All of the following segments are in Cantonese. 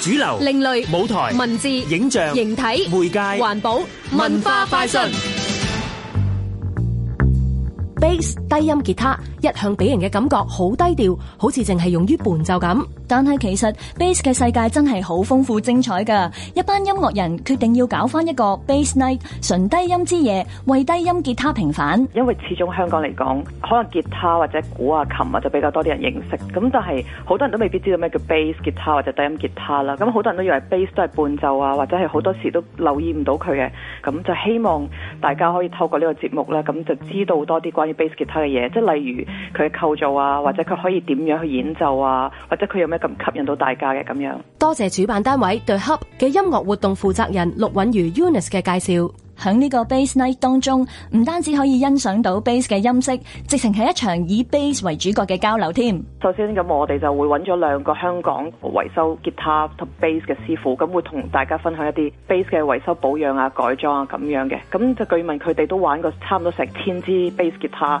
主流、另類、舞台、文字、影像、形體、媒介、環保、文化快訊、Bass、低音吉他。一向俾人嘅感覺好低調，好似淨係用於伴奏咁。但係其實 Bass 嘅世界真係好豐富精彩噶。一班音樂人決定要搞翻一個 Bass Night，純低音之夜，為低音吉他平反。因為始終香港嚟講，可能吉他或者鼓啊、琴啊就比較多啲人認識。咁但係好多人都未必知道咩叫 Bass 吉他或者低音吉他啦。咁好多人都以為 Bass 都係伴奏啊，或者係好多時都留意唔到佢嘅。咁就希望大家可以透過呢個節目咧，咁就知道多啲關於 Bass 吉他嘅嘢，即係例如。佢嘅構造啊，或者佢可以點樣去演奏啊，或者佢有咩咁吸引到大家嘅咁樣？多謝主辦單位對 Hub 嘅音樂活動負責人陸韻如 Unis 嘅介紹。響呢個 Bass Night 當中，唔單止可以欣賞到 Bass 嘅音色，直情係一場以 Bass 為主角嘅交流添。首先咁，我哋就會揾咗兩個香港維修吉他同 Bass 嘅師傅，咁會同大家分享一啲 Bass 嘅維修保養啊、改裝啊咁樣嘅。咁就據聞佢哋都玩過差唔多成千支 Bass 吉他。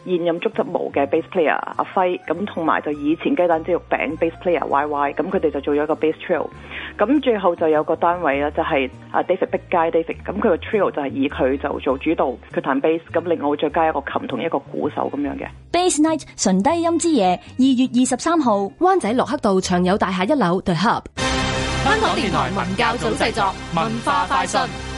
現任觸執毛嘅 bass player 阿輝，咁同埋就以前雞蛋蒸肉餅 bass player Y Y，咁佢哋就做咗一個 bass trio，咁最後就有個單位啦，就係、是、阿 David Big Guy David，咁佢個 trio 就係以佢就做主導，佢彈 bass，咁另外再加一個琴同一個鼓手咁樣嘅 bass night 純低音之夜，二月二十三號灣仔洛克道長友大廈一樓對合。香港電台文教組製作，文化快訊。